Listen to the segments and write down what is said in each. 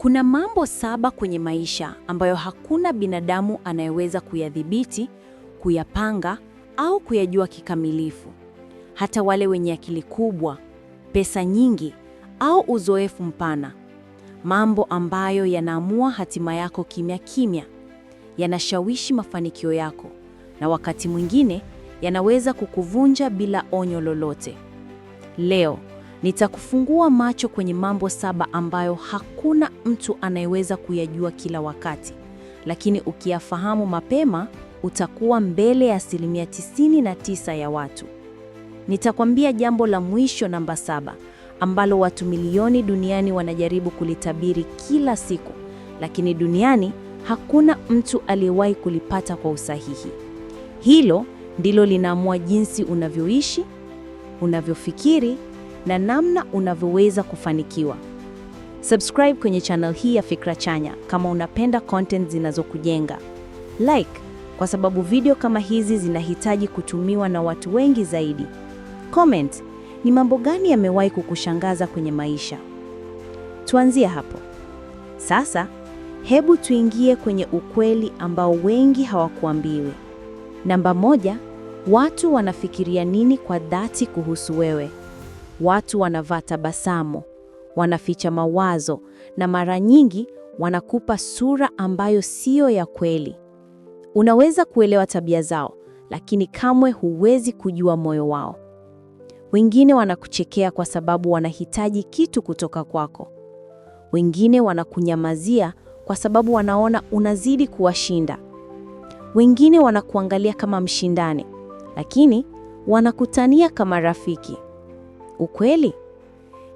Kuna mambo saba kwenye maisha ambayo hakuna binadamu anayeweza kuyadhibiti, kuyapanga au kuyajua kikamilifu. Hata wale wenye akili kubwa, pesa nyingi au uzoefu mpana. Mambo ambayo yanaamua hatima yako kimya kimya, yanashawishi mafanikio yako na wakati mwingine yanaweza kukuvunja bila onyo lolote. Leo Nitakufungua macho kwenye mambo saba ambayo hakuna mtu anayeweza kuyajua kila wakati, lakini ukiyafahamu mapema utakuwa mbele ya asilimia 99 ya watu. Nitakwambia jambo la mwisho namba saba ambalo watu milioni duniani wanajaribu kulitabiri kila siku, lakini duniani hakuna mtu aliyewahi kulipata kwa usahihi. Hilo ndilo linaamua jinsi unavyoishi, unavyofikiri na namna unavyoweza kufanikiwa. Subscribe kwenye channel hii ya Fikra Chanya kama unapenda content zinazokujenga. Like kwa sababu video kama hizi zinahitaji kutumiwa na watu wengi zaidi. Comment ni mambo gani yamewahi kukushangaza kwenye maisha? Tuanzie hapo. Sasa hebu tuingie kwenye ukweli ambao wengi hawakuambiwi. Namba moja, watu wanafikiria nini kwa dhati kuhusu wewe? Watu wanavaa tabasamu, wanaficha mawazo na mara nyingi wanakupa sura ambayo siyo ya kweli. Unaweza kuelewa tabia zao, lakini kamwe huwezi kujua moyo wao. Wengine wanakuchekea kwa sababu wanahitaji kitu kutoka kwako. Wengine wanakunyamazia kwa sababu wanaona unazidi kuwashinda. Wengine wanakuangalia kama mshindani, lakini wanakutania kama rafiki ukweli?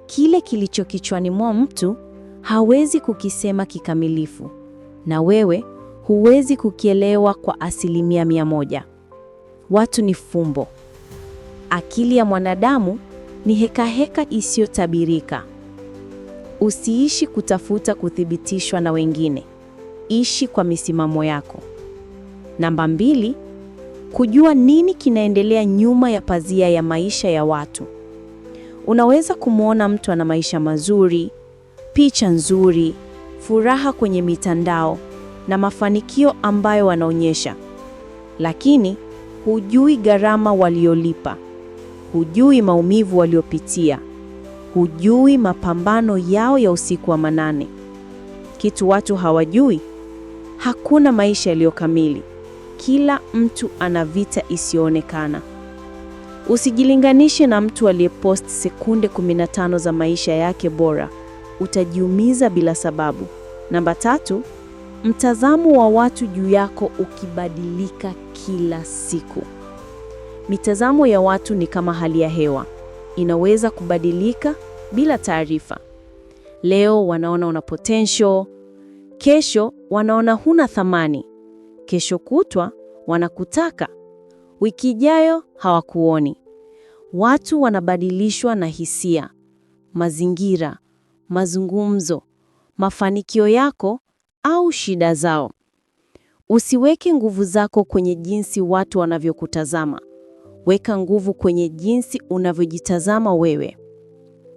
Kile kilicho kichwani mwa mtu hawezi kukisema kikamilifu, na wewe huwezi kukielewa kwa asilimia mia moja. Watu ni fumbo. Akili ya mwanadamu ni hekaheka isiyotabirika. Usiishi kutafuta kuthibitishwa na wengine, ishi kwa misimamo yako. Namba mbili, kujua nini kinaendelea nyuma ya pazia ya maisha ya watu. Unaweza kumwona mtu ana maisha mazuri, picha nzuri, furaha kwenye mitandao na mafanikio ambayo wanaonyesha, lakini hujui gharama waliolipa, hujui maumivu waliopitia, hujui mapambano yao ya usiku wa manane. Kitu watu hawajui, hakuna maisha yaliyo kamili. Kila mtu ana vita isiyoonekana. Usijilinganishe na mtu aliyepost sekunde 15 za maisha yake bora, utajiumiza bila sababu. Namba tatu, mtazamo wa watu juu yako ukibadilika kila siku. Mitazamo ya watu ni kama hali ya hewa, inaweza kubadilika bila taarifa. Leo wanaona una potential, kesho wanaona huna thamani, kesho kutwa wanakutaka wiki ijayo hawakuoni. Watu wanabadilishwa na hisia, mazingira, mazungumzo, mafanikio yako au shida zao. Usiweke nguvu zako kwenye jinsi watu wanavyokutazama. Weka nguvu kwenye jinsi unavyojitazama wewe.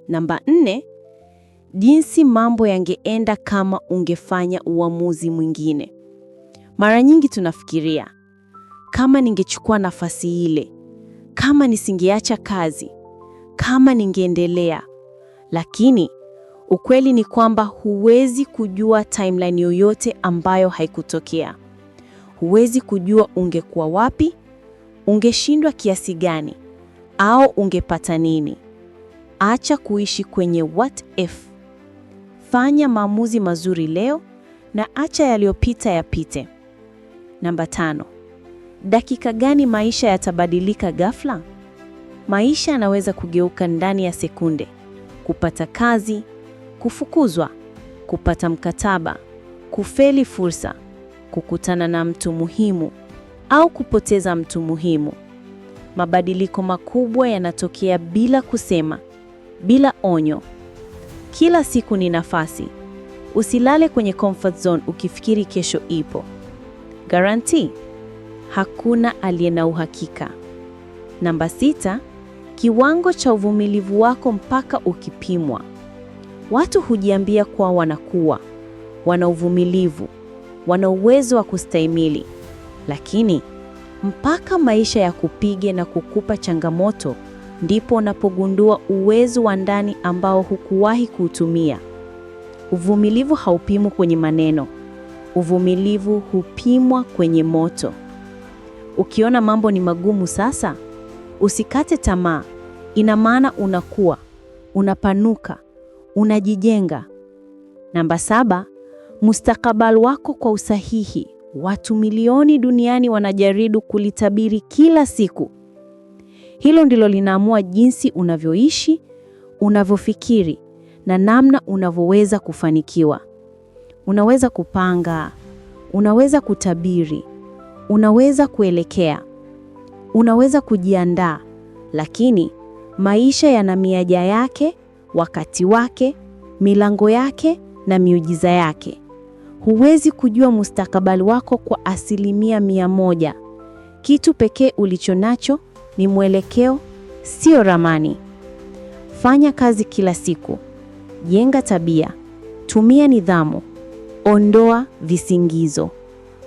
Namba nne, jinsi mambo yangeenda kama ungefanya uamuzi mwingine. Mara nyingi tunafikiria kama ningechukua nafasi ile, kama nisingeacha kazi, kama ningeendelea. Lakini ukweli ni kwamba huwezi kujua timeline yoyote ambayo haikutokea. Huwezi kujua ungekuwa wapi, ungeshindwa kiasi gani, au ungepata nini. Acha kuishi kwenye what if. Fanya maamuzi mazuri leo na acha yaliyopita yapite. Namba tano dakika gani maisha yatabadilika ghafla? Maisha yanaweza kugeuka ndani ya sekunde: kupata kazi, kufukuzwa, kupata mkataba, kufeli fursa, kukutana na mtu muhimu au kupoteza mtu muhimu. Mabadiliko makubwa yanatokea bila kusema, bila onyo. Kila siku ni nafasi. Usilale kwenye comfort zone ukifikiri kesho ipo. Guarantee hakuna aliye na uhakika. Namba sita, kiwango cha uvumilivu wako mpaka ukipimwa. Watu hujiambia kuwa wanakuwa wana uvumilivu, wana uwezo wa kustahimili, lakini mpaka maisha ya kupige na kukupa changamoto ndipo unapogundua uwezo wa ndani ambao hukuwahi kuutumia. Uvumilivu haupimwi kwenye maneno, uvumilivu hupimwa kwenye moto. Ukiona mambo ni magumu sasa, usikate tamaa. Ina maana unakuwa, unapanuka, unajijenga. Namba saba, mustakabali wako kwa usahihi. Watu milioni duniani wanajaribu kulitabiri kila siku. Hilo ndilo linaamua jinsi unavyoishi, unavyofikiri na namna unavyoweza kufanikiwa. Unaweza kupanga, unaweza kutabiri Unaweza kuelekea, unaweza kujiandaa, lakini maisha yana miaja yake, wakati wake, milango yake na miujiza yake. Huwezi kujua mustakabali wako kwa asilimia mia moja. Kitu pekee ulicho nacho ni mwelekeo, sio ramani. Fanya kazi kila siku, jenga tabia, tumia nidhamu, ondoa visingizo.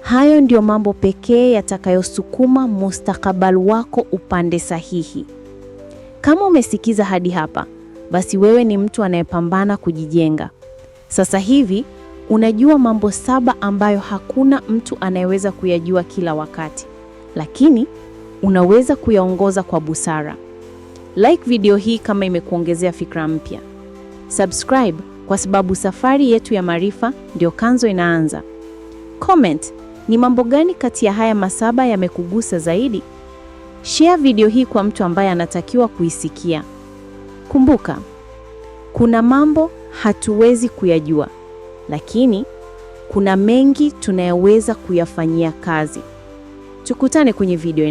Hayo ndiyo mambo pekee yatakayosukuma mustakabali wako upande sahihi. Kama umesikiza hadi hapa, basi wewe ni mtu anayepambana kujijenga. Sasa hivi unajua mambo saba ambayo hakuna mtu anayeweza kuyajua kila wakati, lakini unaweza kuyaongoza kwa busara. Like video hii kama imekuongezea fikra mpya. Subscribe kwa sababu safari yetu ya maarifa ndio kanzo inaanza. Comment ni mambo gani kati ya haya masaba yamekugusa zaidi? Share video hii kwa mtu ambaye anatakiwa kuisikia. Kumbuka, kuna mambo hatuwezi kuyajua, lakini kuna mengi tunayoweza kuyafanyia kazi. Tukutane kwenye video.